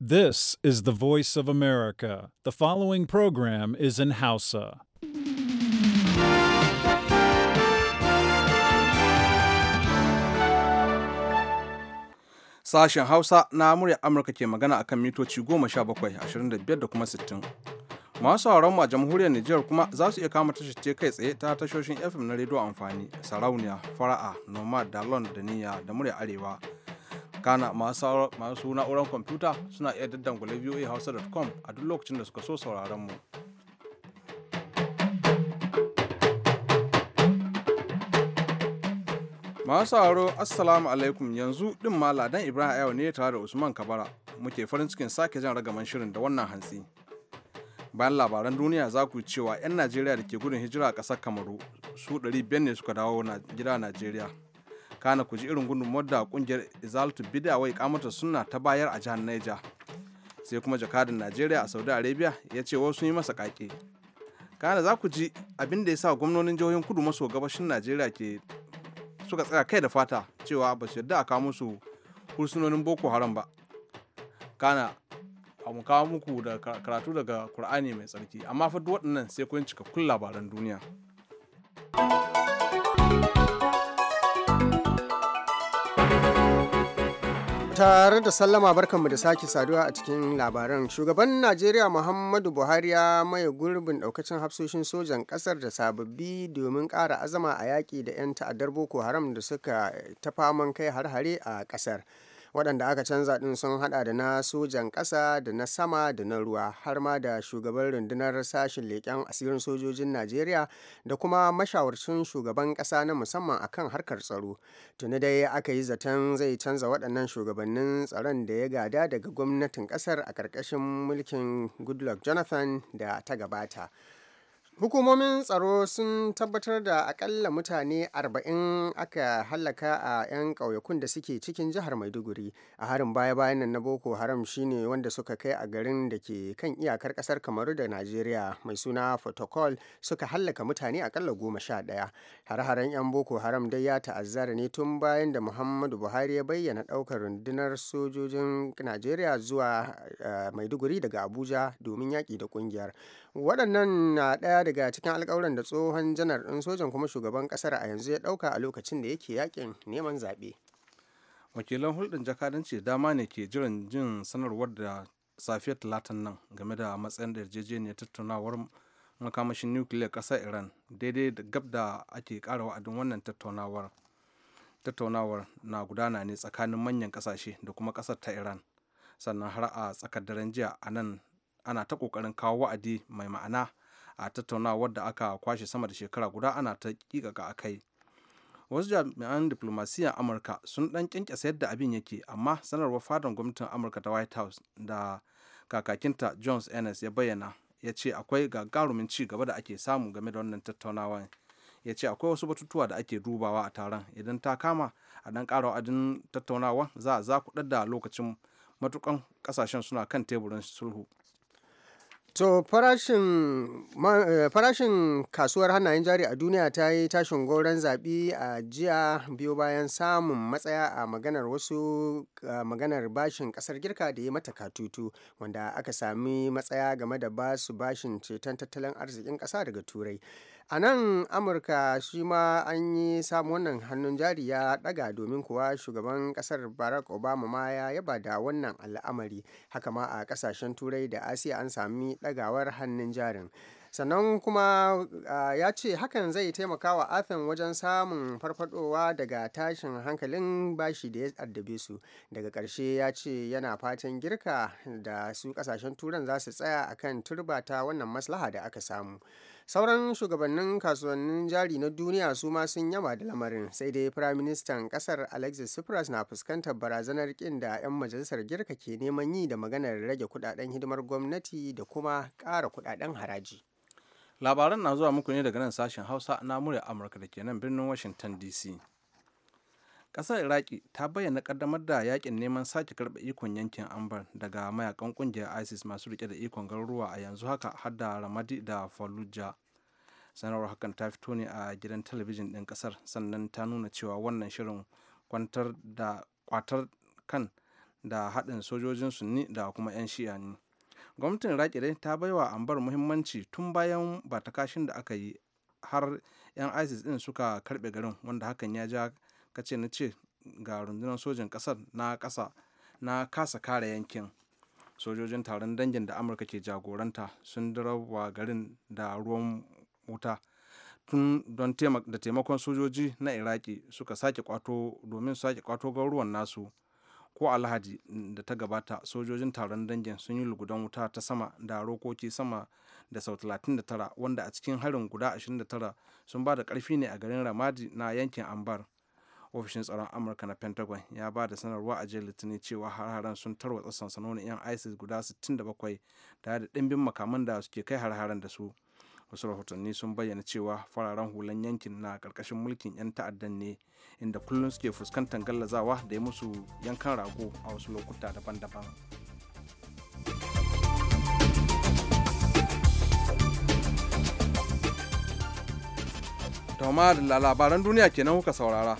This is the voice of America. The following program is in Hausa. Sashen Hausa na murya Amurka ke magana akan mitoci 17, 25 da kuma 60. Masu mu a jamhuriyar Nijar kuma za su iya kama tashar kai tsaye ta tashoshin FM na rediyo amfani, sarauniya, fara'a, nomad, dalon da Daniyya da murya arewa. kana masu na'urar kwamfuta suna iya daddangula voahausa.com a duk lokacin da suka so sauraron mu. Masu sauraro Assalamu alaikum yanzu ɗin ma Ibrahim Ayo ne tare da Usman Kabara muke farin cikin sake jan ragaman shirin da wannan hantsi. Bayan labaran duniya za ku cewa 'yan Najeriya da ke gudun hijira a ƙasar Kamaru su 500 ne suka dawo gida Najeriya kana ku ji irin gudun da kungiyar izaltu wai kamata suna ta bayar a jihar niger sai kuma jakadan najeriya a saudi arabia ya ce wasu yi masa kake kana za ku ji abin da ya sa gwamnonin jihohin kudu maso gabashin najeriya ke suka tsaya kai da fata cewa ba su yadda a kawo musu hursunonin boko haram ba kana a mu kawo muku da karatu daga kur'ani mai tsarki amma fa duk waɗannan sai kun cikakkun labaran duniya Tare da sallama barkanmu da sake saduwa a cikin labaran shugaban Najeriya Muhammadu Buhari ya maye gurbin daukacin hafsoshin sojan kasar da sababbi domin kara azama a yaƙi da 'yan ta'addar Boko Haram da suka tafaman kai har-hare a kasar. waɗanda aka canza ɗin sun haɗa da na sojan ƙasa da na sama da na ruwa har ma da shugaban rundunar sashen leƙen asirin sojojin najeriya da kuma mashawarcin shugaban ƙasa na musamman a kan harkar tsaro tuni dai aka yi zaton zai canza waɗannan shugabannin tsaron da ya gada daga gwamnatin ƙasar a ƙarƙashin mulkin goodluck jonathan da ta gabata Hukumomin tsaro sun tabbatar da akalla mutane 40 aka hallaka a 'yan ƙauyakun da suke cikin jihar Maiduguri. A harin baya-bayan nan na Boko Haram shine wanda suka kai a garin da ke kan iyakar ƙasar Kamaru da Najeriya mai suna Fotokol suka hallaka mutane akalla goma sha ɗaya. har haren 'yan Boko Haram dai ya ta'azzara ne tun bayan da Muhammadu Buhari ya bayyana ɗaukar rundunar sojojin Najeriya zuwa eh, Maiduguri daga Abuja domin yaƙi da ƙungiyar. waɗannan na ɗaya daga cikin alkawuran da tsohon janar ɗin sojan kuma shugaban ƙasar a yanzu ya ɗauka a lokacin da yake yakin neman zaɓe wakilan hulɗin jakadanci dama ne ke jiran jin sanarwar da safiyar talatin nan game da matsayin da yarjejeniyar tattaunawar makamashin nukiliyar ƙasar iran daidai da gab da ake ƙara wa'adin wannan tattaunawar tattaunawar na gudana ne tsakanin manyan ƙasashe da kuma ƙasar ta iran sannan har a tsakar daren jiya a nan ana ta kokarin kawo wa'adi mai ma'ana a tattaunawar da aka kwashe sama da shekara guda ana ta kikaka a kai wasu jami'an diplomasiyyar amurka sun dan kyankyasa yadda abin yake amma sanarwar fadar gwamnatin amurka ta white house da kakakinta jones ennis ya bayyana ya ce akwai gagarumin ci gaba da ake samu game da wannan tattaunawa ya ce akwai wasu batutuwa da ake dubawa a taron idan ta kama a dan kara wa'adin tattaunawa za a za da lokacin matukan kasashen suna kan teburin sulhu To eh, farashin kasuwar hannayen jari a duniya ta yi tashin goron zaɓi a jiya biyo bayan samun matsaya a maganar wasu maganar bashin ƙasar girka da ya mata katutu wanda aka sami matsaya game da basu bashin ceton tattalin arzikin ƙasa daga turai. a nan amurka shi ma an yi samu wannan hannun jari ya daga domin kuwa shugaban kasar barack obama ma ya yaba da wannan al'amari haka ma a kasashen turai da asiya an sami dagawar hannun jarin sannan kuma ya ce hakan zai taimaka wa athen wajen samun farfadowa daga tashin hankalin bashi da ya addabe su daga ƙarshe ya ce yana fatan girka da su ƙasashen turan za su tsaya akan turbata wannan maslaha da aka samu sauran shugabannin kasuwannin jari na duniya su ma sun yaba da lamarin sai dai firaministan kasar alexis tsipras na fuskantar barazanar kin da 'yan majalisar girka ke neman yi da maganar rage kudaden hidimar gwamnati da kuma kara kudaden haraji labaran na zuwa muku ne daga nan sashen hausa na murya amurka da ke nan birnin washington dc kasar iraki ta bayyana kaddamar da yakin neman sake karɓe ikon yankin ambar daga mayakan kungiyar isis masu rike da ikon garuruwa a yanzu haka har da ramadi da fallujah sanarwar hakan ta fito ne a gidan talabijin ɗin kasar sannan ta nuna cewa wannan shirin kwantar da kwatar kan da haɗin sojojin sunni da kuma 'yan shi'a ne gwamnatin iraki dai ta bai wa ambar muhimmanci tun bayan ba ta kashin da aka yi har 'yan isis ɗin suka karɓe garin wanda hakan ya ja kace na ce ga rundunar sojin kasar na kasa na kasa kare yankin sojojin taron dangin da amurka ke jagoranta sun dirawa garin da ruwan wuta tun don da taimakon sojoji na iraki suka sake kwato domin sake kwato garuruwan nasu ko alhaji da ta gabata sojojin taron dangin sun yi lugudan wuta ta sama da rokoki sama da sau 39 wanda a cikin harin guda 29 sun ba da karfi ne a garin ramadi na yankin ambar ofishin tsaron amurka na pentagon ya ba da sanarwa a jiya litinin cewa har-haren sun tarwatsa sansanonin 'yan isis guda 67 tare da ɗimbin makaman da suke kai har-haren da su wasu rahotanni sun bayyana cewa fararen hulan yankin na ƙarƙashin mulkin 'yan ta'addan ne inda kullum suke fuskantar gallazawa da ya musu yankan rago a wasu lokuta daban-daban Tauma da labaran duniya kenan kuka saurara.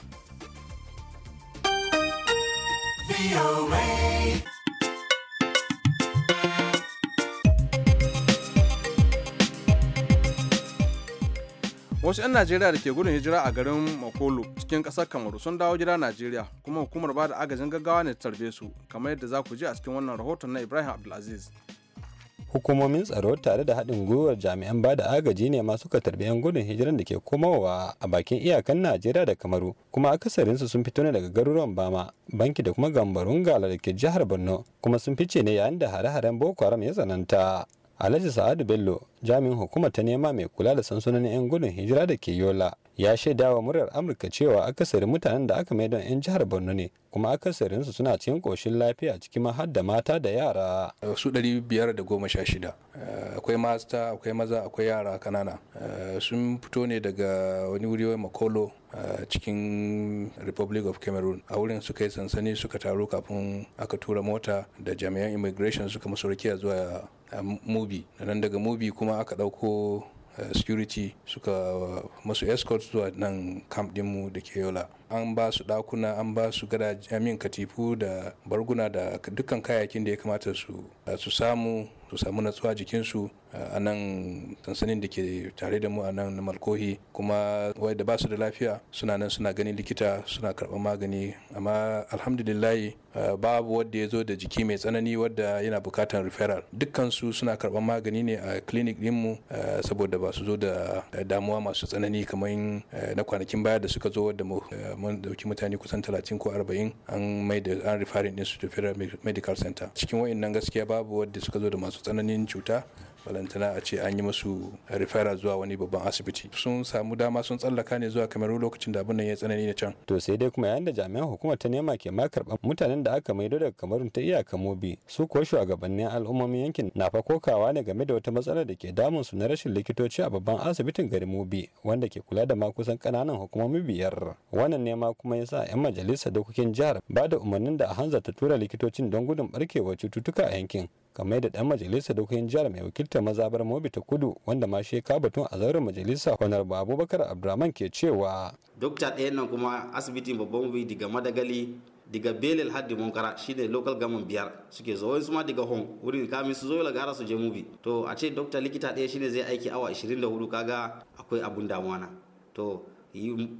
wasu 'yan najeriya da ke gudun hijira a garin makolo cikin kasar kamaru sun dawo gida najeriya kuma hukumar ba da agajin gaggawa ne ta tarbe su kamar yadda za ku ji a cikin wannan rahoton na ibrahim abdulaziz hukumomin tsaro tare da haɗin gwiwar jami'an ba da agaji ne ma suka tarbi 'yan gudun hijiran da ke komawa a bakin iyakan najeriya da kamaru kuma akasarinsu sun fito ne daga garuruwan bama banki da kuma gambarun gala da ke jihar borno kuma sun fice ne yayin da hare-haren boko haram ya tsananta alhaji sa'adu bello jami'in hukuma ta nema mai kula da sansanonin 'yan gudun hijira da ke yola ya shaida wa muryar amurka cewa akasari mutanen da aka mai don 'yan jihar borno ne kuma akasarinsu suna cikin koshin lafiya cikin mahad da mata da yara su 516 eh, akwai mata akwai maza akwai yara kanana eh, sun fito ne daga wani wuri makolo eh, cikin republic of cameroon a wurin suka yi sansani suka taru kafin aka tura mota da jami'an immigration suka masu zuwa mubi nan daga mubi kuma aka ɗauko Eh, security suka eh, masu escort zuwa nan camp dinmu da ke yola an ba su dakuna an ba su gada jamin katifu da barguna da dukkan kayakin da ya kamata su eh, samu su samu natsuwa jikinsu a nan sansanin da ke tare da mu a nan malkohi kuma wadda ba su da lafiya suna nan suna ganin likita suna karɓar magani amma lillahi babu wadda ya zo da jiki mai tsanani wadda yana bukatar referral dukkan su suna karɓar magani ne a clinic dinmu saboda ba su zo da damuwa masu tsanani kamar na kwanakin baya da suka zo wadda mun dauki mutane kusan 30 ko 40 an mai da an referring din su to federal medical center cikin wayannan gaskiya babu wadda suka zo da masu tsananin cuta balantana a ce an yi musu rifara zuwa wani babban asibiti sun samu dama sun tsallaka ne zuwa kamar lokacin da abin nan ya tsanani na can to sai dai kuma yayin da jami'an hukumar ta nema ke ma karɓar mutanen da aka maido daga kamarun ta iyaka mobi su ko shugabannin al'ummomin yankin na fa kokawa ne game da wata matsalar da ke damun su na rashin likitoci a babban asibitin garin mobi wanda ke kula da ma kusan kananan hukumomi biyar wannan nema kuma ya sa 'yan majalisar dokokin jihar ba da umarnin da a hanzarta tura likitocin don gudun barkewar cututtuka a yankin kamar da dan majalisa dokokin jihar mai wakiltar mazabar mobi ta kudu wanda ma shi ka batun a zauren majalisa kwanar ba abubakar abdurrahman ke cewa dokta daya nan kuma asibitin babban wuri daga madagali daga belil har da munkara shine local government biyar suke zuwa su ma daga home wurin kami su zo gara su je mubi to a ce dokta likita ɗaya shine zai aiki awa 24 kaga akwai abun damuwa na to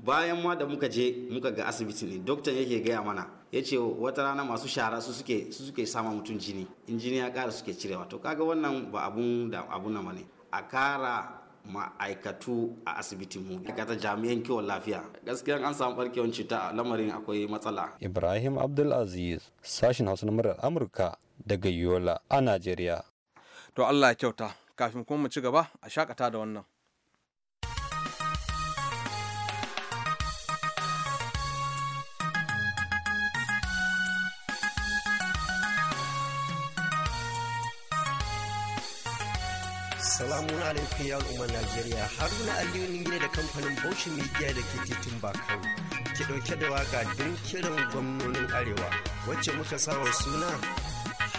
bayan ma da muka je muka ga asibiti ne doktan yake gaya mana ya ce wata rana masu shara su suke su suke sama mutum jini in jini ya kara suke cirewa to kaga wannan ba abun da abun na bane a kara ma'aikatu a asibitin mu ta jami'an kiwon lafiya gaskiya an samu barkewar cuta a lamarin akwai matsala ibrahim abdulaziz sashin hausa na murar amurka daga yola a najeriya to allah ya kyauta kafin kuma mu ci gaba a shakata da wannan Assalamu alaikum ya al'ummar Najeriya Haruna Aliyu ne gida da kamfanin Bauchi Media da ke titin Bakau. ki ɗauke da waka don kiran gwamnonin Arewa wacce muka sawa suna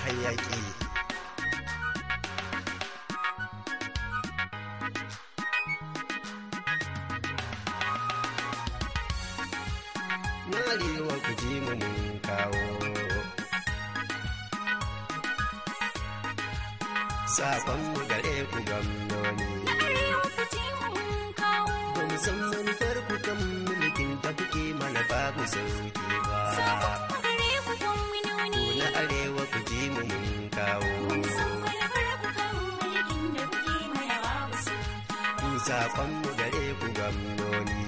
hayaki. saƙonmu gare ku gwamnoni.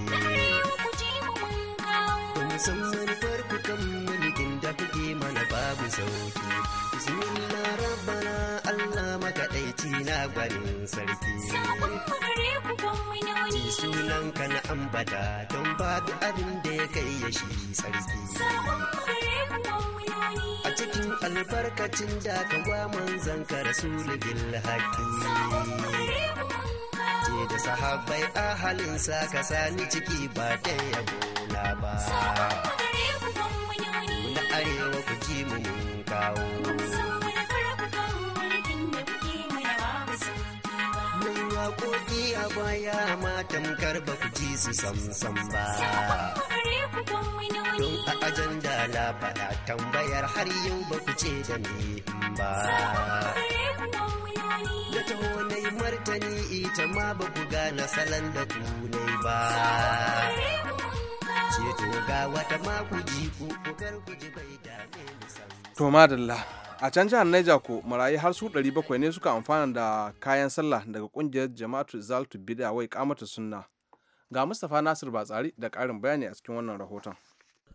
Kuma sun manufar ku kan mulkin da kuke mana babu sauki. Bismillah rabbana Allah makaɗaici na gwanin sarki. Saƙonmu gare ku gwamnoni. sunan ka na ambata don babu abin da ya kai ya shi sarki. Saƙonmu gare ku gwamnoni. A cikin albarkacin da ka gwa manzan ka rasu rasulubin haƙi. Saƙonmu gare ku da sahabbai a halin sa ka sani ciki ba da na ba na arewa ku ji mu kawo mun waƙoƙi a baya matan karba ku ji su samsam ba don a ajanda na faɗa tambayar har yau ba ku ce da ni ba ita ma ba ku gane salon da ku ne ba madalla a can jihar Niger ko marayu har su 700 ne suka amfana da kayan sallah daga kungiyar jama'atu zaltu bida wai kamata sunna ga mustapha nasir batsari da karin bayani a cikin wannan rahoton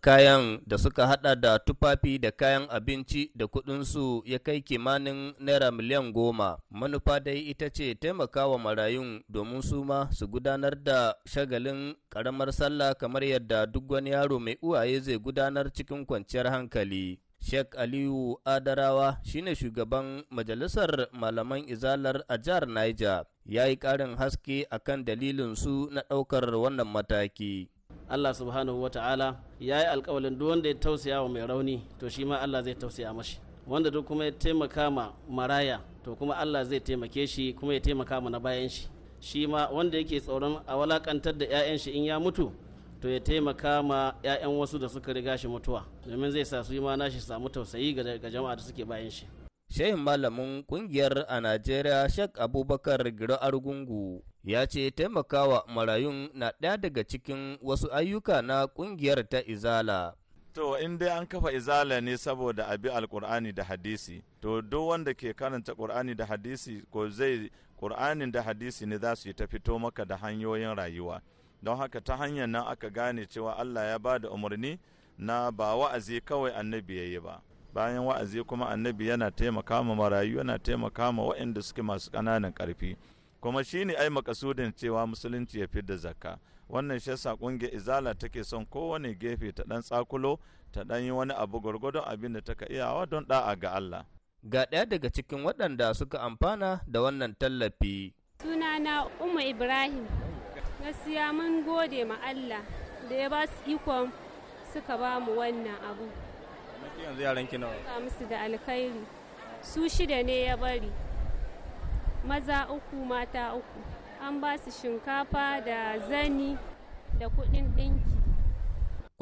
kayan da suka hada da tufafi da kayan abinci da kudinsu ya kai kimanin naira miliyan goma manufa dai ita ce taimakawa marayun domin su ma su gudanar da shagalin karamar sallah kamar yadda duk wani yaro mai uwaye zai gudanar cikin kwanciyar hankali Sheikh Aliyu Adarawa shine shugaban majalisar malaman izalar a jihar Niger ya yi ƙarin haske akan dalilin su na ɗaukar wannan mataki. Allah subhanahu ta'ala ya yi alkawalin duk wanda ya tausaya wa mai rauni to shi ma Allah zai tausaya mashi wanda duk kuma ya taimaka ma maraya to kuma Allah zai taimake shi kuma ya taimaka ma na bayan shi shi ma wanda yake tsoron a walakantar da 'ya'yan shi in ya mutu to ya taimaka ma 'ya'yan wasu da suka riga shi mutuwa domin zai sa su yi ma nashi samu tausayi ga jama'a da suke bayan shi shehin malamin kungiyar a najeriya Sheikh abubakar giro argungu ya ce taimakawa marayun na ɗaya daga cikin wasu ayyuka na ƙungiyar ta izala. To in dai an kafa izala ne saboda abi alkur'ani da hadisi, to duk wanda ke karanta ƙur'ani da hadisi ko zai ƙur'anin da hadisi ne za su yi ta fito maka da hanyoyin rayuwa. Don haka ta hanyar nan aka gane cewa Allah ya ba da umarni na ba wa'azi kawai annabi ya yi ba. Bayan wa'azi kuma annabi yana taimaka ma marayu yana taimaka ma waɗanda suke masu ƙananan ƙarfi. kuma shine ai makasudin cewa musulunci ya fidda zakka wannan shi yasa kungiyar izala take son kowane gefe ta dan tsakulo ta dan yi wani abu gwargwadon abin da ta ka iyawa don da'a ga Allah ga ɗaya daga cikin waɗanda suka amfana da wannan tallafi sunana umma ibrahim gaskiya mun gode ma Allah da ya ba su ikon suka ba mu wannan abu yanzu yaran ki nawa musu da alkhairi su shida ne ya bari maza uku mata uku an ba su shinkafa da zani da kudin ɗinki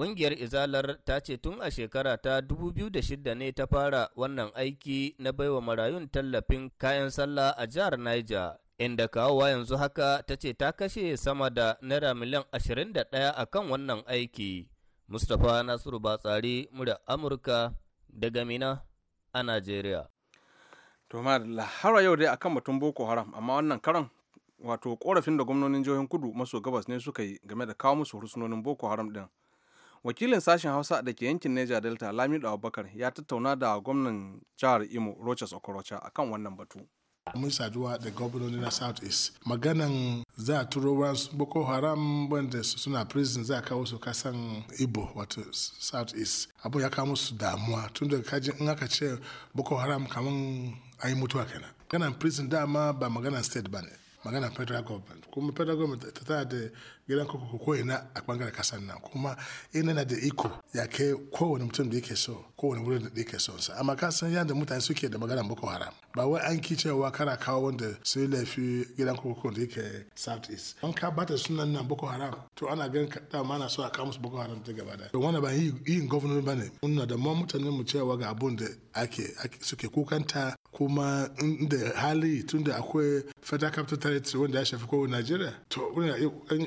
Ƙungiyar Izalar ta ce tun a shekara ta 2006 ne ta fara wannan aiki na baiwa marayun tallafin kayan sallah a jihar Niger. Inda kawowa yanzu haka ta ce ta kashe sama da naira miliyan 21 a kan wannan aiki. Mustapha Nasiru Batsari, murya Amurka daga Mina a Najeriya. to ma lahara yau dai akan batun boko haram amma wannan karan wato korafin da gwamnonin jihohin kudu maso gabas ne suka yi game da kawo musu hursunonin boko haram din wakilin sashen hausa da ke yankin neja delta lamido abubakar ya tattauna da gwamnan jihar imo rochas okorocha akan wannan batu mun saduwa da gwamnoni na south east maganan za a turo boko haram wanda suna prison za a kawo su kasan ibo wato south east abu ya kawo musu damuwa tun daga kaji in aka ce boko haram kamar an yi mutuwa kenan kana prison dama ba magana state ba ne magana federal government kuma federal government ta tana da gidan kuku ko ina a bangaren kasar nan kuma ina na da iko ya ke kowane mutum da yake so kowane wurin da yake so sa amma kasan san yadda mutane suke da magana boko haram ba wai an ki cewa kana kawo wanda sai laifi gidan kuku da yake south east an ka bata sunan nan boko haram to ana gan da ma na so a kawo musu boko haram ta gaba da wannan ba yin gwamnati bane muna da mu mutanen mu cewa ga abun da ake suke kukanta kuma inda hali tun akwai federal capital territory wanda ya shafi kowane najeriya to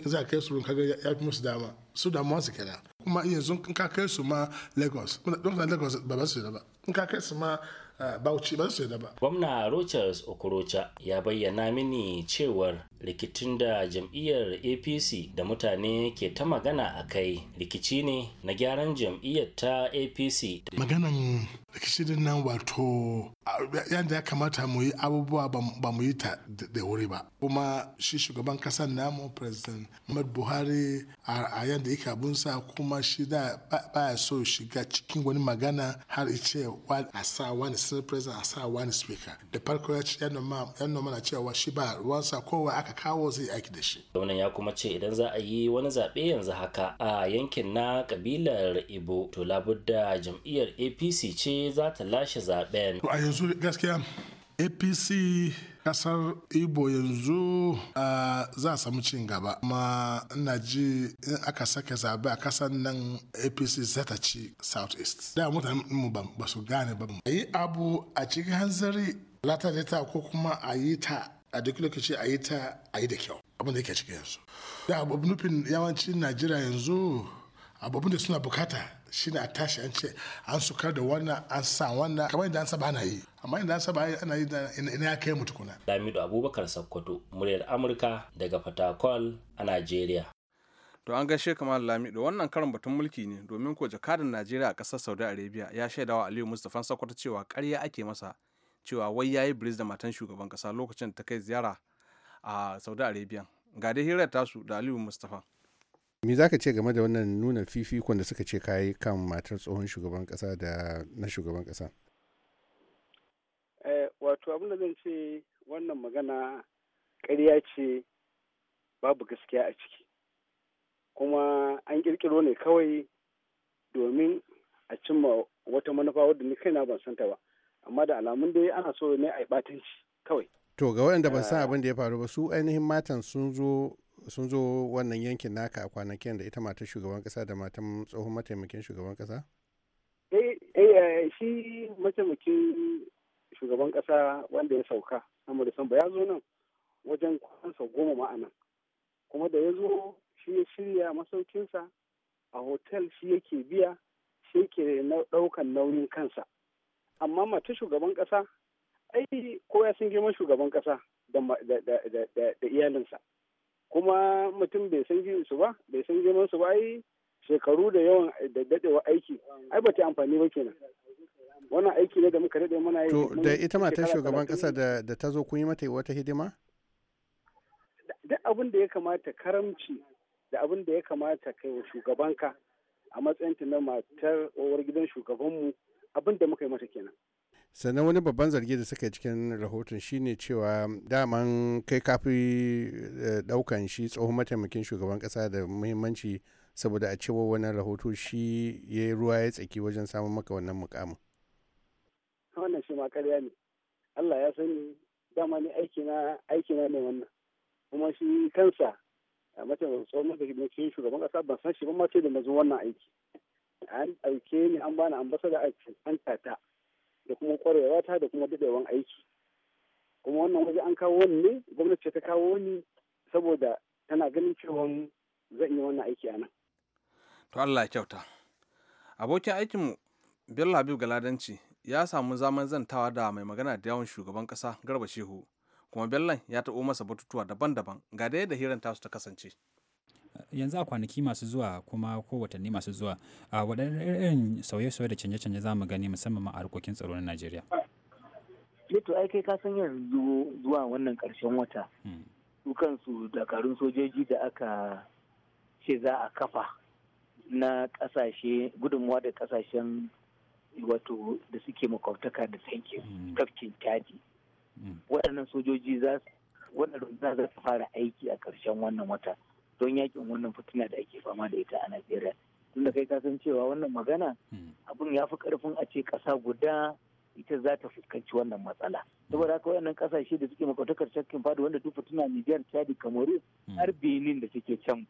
za a kai su kaga ya fi musu dama su da masu kenan kuma yanzu in ka kai su ma lagos don lagos ba ba su da ba in ka kai su ma ah, Bauchi ba su da ba. Gwamna Rochas Okorocha ya bayyana mini cewar rikicin da jam'iyyar apc da mutane ke ta magana a kai rikici ne na gyaran jam'iyyar ta apc maganan rikici din nan wato yadda ya kamata mu yi abubuwa ba mu yi ta da wuri ba kuma shi shugaban kasar namu president muhammad buhari a yadda yake abunsa kuma shi da ya so shiga cikin wani magana har ice a sa wani senate president a sa wani speaker da farko ya ce yan noma cewa shi ba ruwansa kowa aka kawo zai aiki da shi. Gwamnan ya kuma ce idan za a yi wani zaɓe yanzu haka a yankin na kabilar Ibo to labudda jam'iyyar APC ce za ta lashe zaɓen. To A yanzu gaskiya APC kasar ibo yanzu za a samu cin gaba amma ina ji in aka sake zaɓe a kasar nan APC zata ci South East. Da mutane mu ba su gane ba. Yi abu a cikin hanzari lata ta ko kuma a yi ta a duk lokaci a yi ta a yi da kyau abin da yake cikin yanzu da abubu nufin yawancin najeriya yanzu abubu da suna bukata shine a tashi an ce an sukar da wannan an sa wannan kamar yadda an saba ana yi amma yadda an saba ana yi ina ya kai mu tukuna lamido abubakar sakkwato muryar amurka daga fatakwal a najeriya to an gaishe kamar lamido wannan karin batun mulki ne domin ko jakadan najeriya a kasar saudi arabia ya shaidawa aliyu mustafan sakkwato cewa karya ake masa cewa wai ya yi bris da matan shugaban kasa lokacin da ta kai ziyara a saudi arabia ga dai hirar tasu da aliyu mustapha me za ka ce game da wannan nuna fifikon da suka ce kayi kan matar tsohon shugaban kasa da na shugaban kasa eh, wato abin da zan ce wannan magana ƙarya ce babu gaskiya a ciki kuma an ƙirƙiro ne kawai domin a cimma wata manufa wadda ni kaina ban santa ba amma da alamun da dai ana so ne a yi batanci kawai to ga waɗanda ba san eh. abin da ya faru ba su ainihin matan sun zo wannan yankin naka a kwanakin da ita matar shugaban kasa da matan tsohon mataimakin shugaban kasa eh, eh, shi mataimakin shugaban kasa wanda ya sauka amma da ba ya zo nan wajen sa goma ma'ana kuma da ya zo shi ya shirya masaukinsa a hotel shi yake biya shi yake ɗaukan nauyin kansa amma mace shugaban kasa ai kowa sun girman shugaban kasa da iyalinsa kuma mutum bai san su ba bai san girman su ba ai shekaru da yawan da dadewa aiki ai ba ta amfani ba kenan wannan aiki ne da muka dade muna yi to da ita matar shugaban kasa da ta zo kun yi mata wata hidima duk abin da ya kamata karamci da abin da ya kamata kai wa shugabanka a matsayin na matar uwar gidan shugabanmu abin da muka yi masa kenan sannan wani babban zargi da suka yi cikin rahoton shine cewa daman kai kafi daukan eh, shi tsohon mataimakin shugaban kasa da muhimmanci saboda a cewa wani rahoto shi ya ruwa ya tsaki wajen samun maka wannan mukamin wannan shi ma karya ne allah ya sani dama ne aikina ne wannan kuma shi kansa mataimakin tsohon mataimakin shugaban kasa ban san shi ba ma da na zo wannan aiki an ɗauke ni an bani ambasada a cancanta ta da kuma kwarewa ta da kuma daɗewan aiki kuma wannan waje an kawo wani ne gwamnati ta kawo ni saboda tana ganin cewa zan yi wannan aiki a nan. to Allah kyauta abokin aikinmu bello habib galadanci ya samu zaman zantawa da mai magana da yawan shugaban kasa garba shehu kuma Bello ya taɓo masa batutuwa daban-daban ga da yadda hirar tasu ta kasance. yanzu a kwanaki masu zuwa kuma ko watanni masu zuwa a waɗannan irin sauye-sauye da canje-canje za mu gani musamman a harkokin tsaro na najeriya eh to ai kai ka san yanzu zuwa wannan karshen wata hmm. su kansu dakarun sojoji da aka ce za a kafa na ƙasashe gudunmuwa da kasashen wato da suke makwabtaka da sanke tafkin caji waɗannan sojoji za su wannan za ta fara aiki a ƙarshen wannan wata don yakin wannan fitina da ake fama da ita a najeriya tunda kai ka san cewa wannan magana hmm. abin ya fi karfin a ce kasa guda ita za ta fuskanci wannan matsala hmm. saboda haka wayannan kasashe da suke makwautakar cakin fadi wanda duk fitina nijar chadi cameroon hmm. har benin da suke can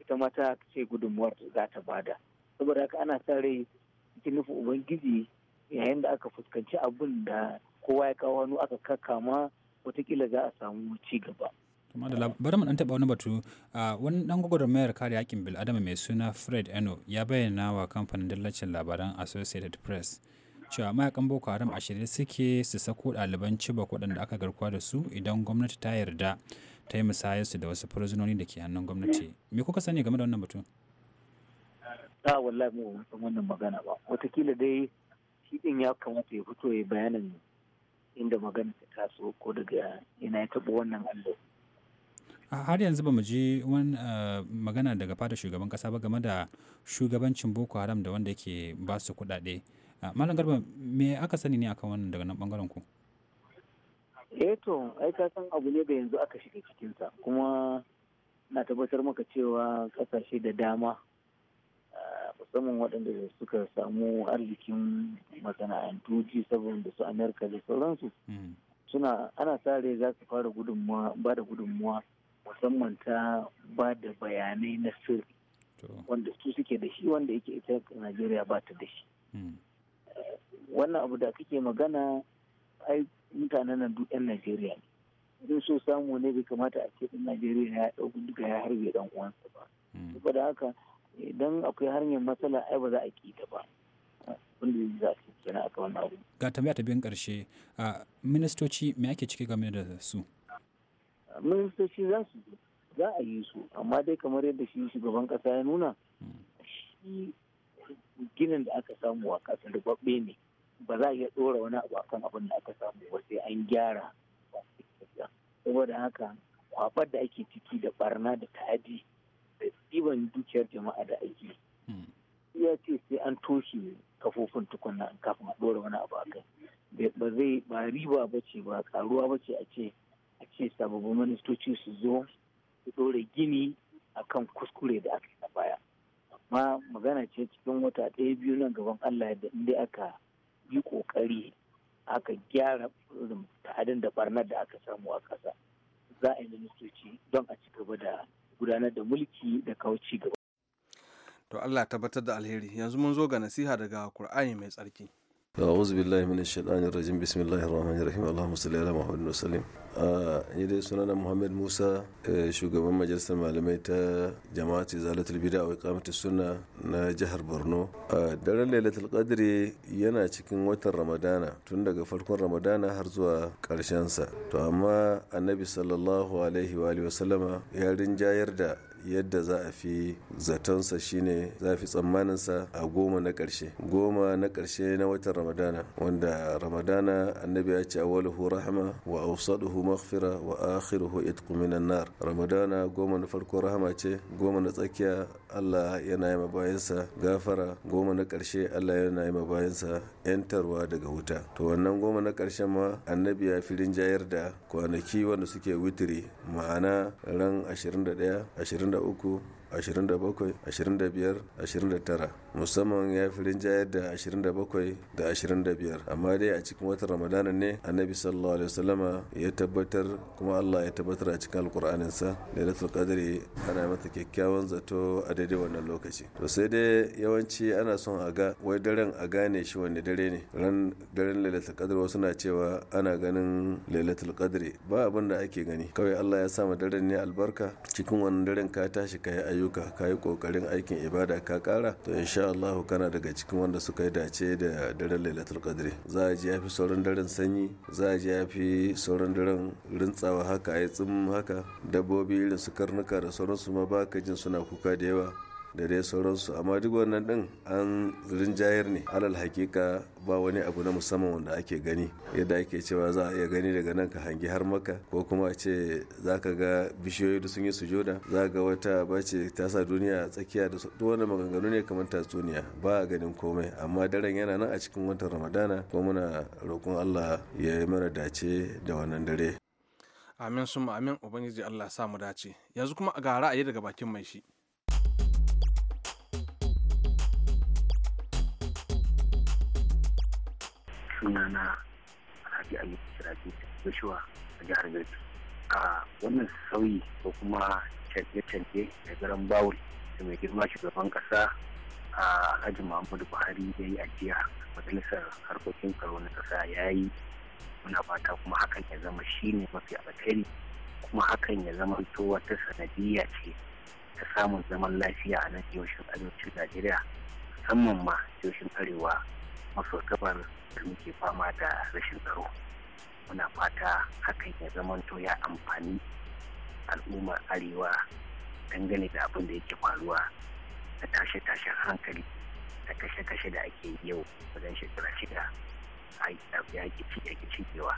ita ma ta ce gudunmuwar za ta bada saboda haka ana sa rai cikin nufin ubangiji yayin da aka fuskanci abin da kowa ya kawo hannu aka kakkama watakila za a samu ci gaba bari mu dan taba wani batu wani dan gwagwarmayar kare hakkin bil'adama mai suna fred eno ya bayyana wa kamfanin dillacin labaran associated press cewa mayakan boko haram a shirye suke su sako ɗaliban cibak waɗanda aka garkuwa da su idan gwamnati ta yarda ta yi musayarsu da wasu fursunoni da ke hannun gwamnati me kuka sani game da wannan batu ta wallahi mu san wannan magana ba watakila dai shi din ya kamata ya fito ya bayanin inda magana ta taso ko daga ina ya taɓa wannan allo har yanzu ba mu ji eh, magana daga fata shugaban kasa ba game da shugabancin boko haram da wanda yake ba su kuɗaɗe ah, malam garba me aka sani ne akan wannan daga nan bangaren ku eh to ai ka san abu ne da yanzu aka shiga cikinsa kuma na tabbatar maka cewa kasashe da dama ah, musamman waɗanda suka samu arzikin masana'antu ji saboda su amerika da sauransu mm. suna ana sa rai za su fara gudunmuwa ba da gudunmuwa musamman ta ba da bayanai na sirri wanda su suke da shi wanda yake ita najeriya ba ta da shi hmm. wannan abu da kake magana ai mutanen nan duk 'yan najeriya ne in so samu ne bai kamata a ce din najeriya ya dauki duka ya harbe dan uwansa ba hmm. saboda haka idan akwai hanyar matsala ai ba za a ƙi ta ba wanda za su kenan wannan abu ga tambaya ta biyan karshe ministoci me ake cike game da su ministoci za su za a yi su amma dai kamar yadda shi shugaban kasa ya nuna shi ginin da aka samu a kasar rubabbe ne ba za a iya tsora wani abu akan abin da aka samu ba sai an gyara saboda haka kwabar da ake ciki da barna da ta'adi da ɗiban dukiyar jama'a da ake ya ce sai an toshe kafofin tukunna kafin a ɗora wani abu akai ba zai ba riba ba ce ba karuwa ba ce a ce a ce sababbin ministoci su zo su ɗore gini a kan kuskure da aka yi baya amma magana ce cikin wata ɗaya biyu nan gaban allah da inda aka yi ƙoƙari aka gyara ta'adin da barnar da aka samu a ƙasa za a yi ministoci don a ci gaba da gudanar da mulki da kawo ci gaba. To Allah tabbatar da alheri yanzu mun zo ga nasiha daga Kur'ani mai tsarki. أعوذ بالله من الشيطان الرجيم بسم الله الرحمن الرحيم اللهم صل على محمد وسلم ni dai sunana muhammad musa eh, shugaban majalisar malamai ta jama'ati zalatul bida a iqamati sunna na jihar borno ah, daren lailatul qadri yana cikin watan ramadana tun daga farkon ramadana har zuwa karshen sa to amma annabi sallallahu alaihi wa sallama ya rinjayar da yadda za a fi zatonsa shine za a fi tsammaninsa a goma na ƙarshe goma na ƙarshe na watan ramadana wanda ramadana annabi ya ce awwaluhu rahama wa awsaduhu maghfira wa akhiruhu itqu minan nar ramadana goma na farko rahama ce goma na tsakiya Allah yana yi bayansa gafara goma na ƙarshe Allah yana yi bayansa yantarwa daga wuta to wannan goma na ƙarshe ma annabi ya fi rinjayar da kwanaki wanda suke witiri ma'ana ran 21 o cu. 27 25 29 musamman ya fi rinjayar da 27 da 25 amma dai a cikin watan ramadana ne annabi sallallahu alaihi wasallama ya tabbatar kuma allah ya tabbatar a cikin alkur'aninsa lailatul kadari ana mata kyakkyawan zato a daidai wannan lokaci to sai dai yawanci ana son a ga wai daren a gane shi wani dare ne ran daren lailatul kadari wasu na cewa ana ganin lailatul kadari ba abin da ake gani kawai allah ya sa ma daren ne albarka cikin wannan daren ka tashi ka yi ayyuka ka yi kokarin aikin ibada ka kara to insha Allah kana daga cikin wanda suka yi dace da daren lailatul qadri za a ji yafi sauran daren sanyi za a ji yafi sauran daren rintsawa haka ya tsim haka dabbobi irin su karnuka da sauransu ma baka jin suna kuka da yawa da dai sauransu amma duk wannan din an rinjayar ne alal hakika ba wani abu na musamman wanda ake gani yadda ake cewa za a iya gani daga nan ka hangi har maka ko kuma a ce za ka ga bishiyoyi da sun yi sujoda za ga wata bace ta sa duniya tsakiya da su duk wannan maganganu ne kamar tatsuniya ba a ganin komai amma daren yana nan a cikin watan ramadana ko muna roƙon allah ya yi mana dace da wannan dare amin sun amin ubangiji allah sa mu dace yanzu kuma a ga ra'ayi daga bakin mai shi sunana na alhaji ayyuka siraji joshua a jihar bauchi a wannan sauyi ko kuma canje-canje da garan bawul da mai girma shugaban ƙasa a alhaji muhammadu buhari ya yi ajiya majalisar harkokin karo na ƙasa ya yi muna fata kuma hakan ya zama shi ne mafi alkhairi kuma hakan ya zama to wata sanadiyya ce ta samun zaman lafiya a nan yaushin arewacin najeriya musamman ma yaushin arewa maso gabar da muke fama da rashin tsaro muna fata hakan ya zamanto ya amfani al'ummar arewa dangane da abin da yake faruwa da tashe-tashen hankali da kashe-kashe da ake yau wajen shekara shida a yaki yaki cikewa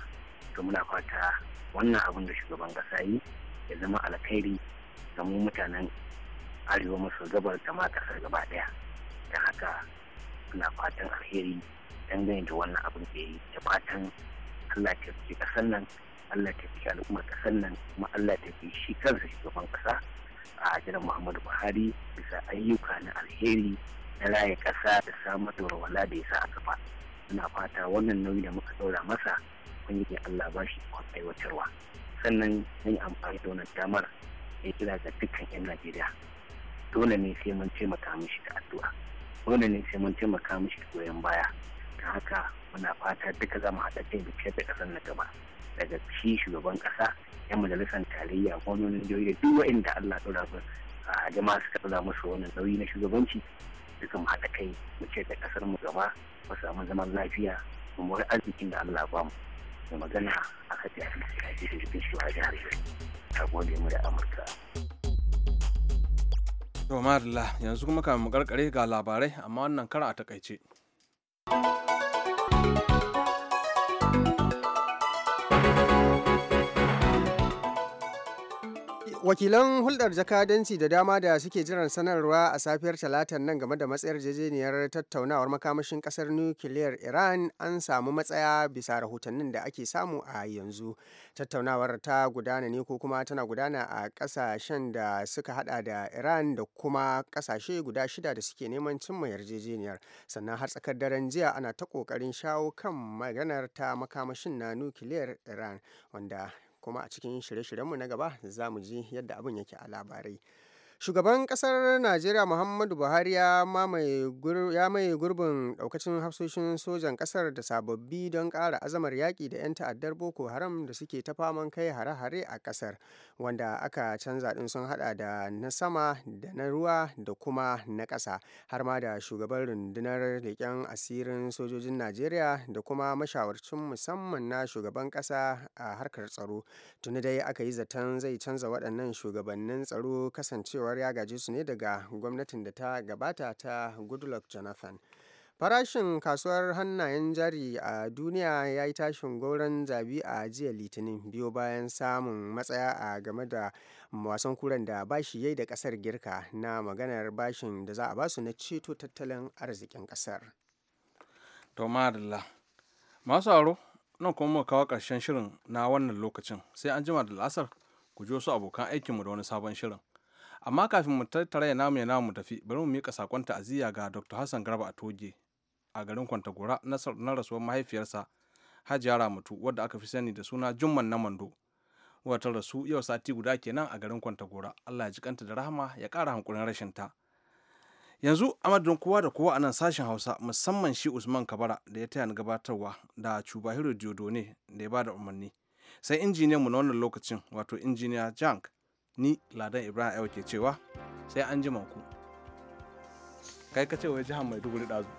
to muna fata wannan abin da shugaban kasa yi ya zama alkhairi ga mu mutanen arewa maso gabar da ma kasar gaba daya da haka suna fatan alheri dangane da wannan abin da ya yi da fatan Allah ta fi kasar nan Allah ta fi al'ummar kasar nan kuma Allah ta fi shi kansa shugaban kasa a jiran Muhammadu Buhari bisa ayyuka na alheri na raya kasa da samar da walwala da ya sa a kafa ina fata wannan nauyi da muka daura masa ubangiji Allah ba shi aiwatarwa sannan zan yi amfani da wannan damar ya kira ga dukkan 'yan Najeriya dole ne sai mun taimaka mishi da addu'a dole ne sai mun taimaka mishi goyon baya ta haka muna fata duka za mu haɗa kai da ciyar da ƙasar na gaba daga shi shugaban ƙasa yan majalisar tarayya gwamnonin jihohi da duk wa'inda Allah ɗora su a jama'a suka ɗora musu wannan nauyi na shugabanci duka mu haɗa kai mu ce da ƙasar mu gaba mu samu zaman lafiya mu mori arzikin da Allah ba mu da magana a kafin a cikin shi a jihar Yobe. Ta gode mu da Amurka. To yanzu kuma ka mu karkare ga labarai amma wannan kara a takaice. wakilan hulɗar jakadanci da dama da suke jiran sanarwa a safiyar talatan nan game da matsayar jejeniyar tattaunawar makamashin ƙasar nukiliyar iran an samu matsaya bisa rahotannin da ake samu a yanzu tattaunawar ta gudana ne ko kuma tana gudana a ƙasashen da suka hada da iran da kuma ƙasashe guda shida da suke neman cimma yarjejeniyar sannan har tsakar daren jiya ana ta ƙoƙarin shawo kan maganar ta makamashin na nukiliyar iran wanda kuma a cikin shirye-shiryenmu na gaba za mu ji yadda abin yake a labarai Shugaban kasar Najeriya Muhammadu Buhari ya mai gurbin daukacin hafsoshin sojan kasar da sababbi don kara azamar yaƙi da 'yan ta'addar Boko Haram da suke ta faman kai hare-hare a kasar wanda aka canza din sun hada da na sama da na ruwa da kuma na ƙasa, har ma da shugaban rundunar leƙen asirin sojojin Najeriya da kuma mashawarcin musamman na shugaban ƙasa a harkar tsaro. Tuni dai aka yi zaton zai canza waɗannan shugabannin tsaro kasancewa cewar ya gaje su ne daga gwamnatin da ta gabata ta goodluck jonathan farashin kasuwar hannayen jari a duniya ya yi tashin goron zabi a jiya litinin biyo bayan samun matsaya a game da wasan kuren da bashi yayi da kasar girka na maganar bashin da za a basu na ceto tattalin arzikin kasar masu aro nan kuma mu kawo ƙarshen shirin na wannan lokacin sai an jima da lasar ku ji wasu abokan aikinmu da wani sabon shirin amma kafin mu tattara ya namu ya namu mu tafi bari mu mika sakon ta'aziyya ga dr hassan garba a toge a garin kwantagora na rasuwar mahaifiyarsa hajiya ramatu wadda aka fi sani da suna jumman na mando wata rasu yau sati guda kenan a garin kwantagora allah ya ji kanta da rahama ya kara hankulin rashin ta yanzu a madadin kowa da kowa a nan sashen hausa musamman shi usman kabara da ya taya ni gabatarwa da chubahiro diodone da ya bada umarni sai injiniyan mu na wannan lokacin wato injiniya jank ni ladan ibrahim ayo ke cewa sai an ji ku kai ka ce wai jihar maiduguri ɗazu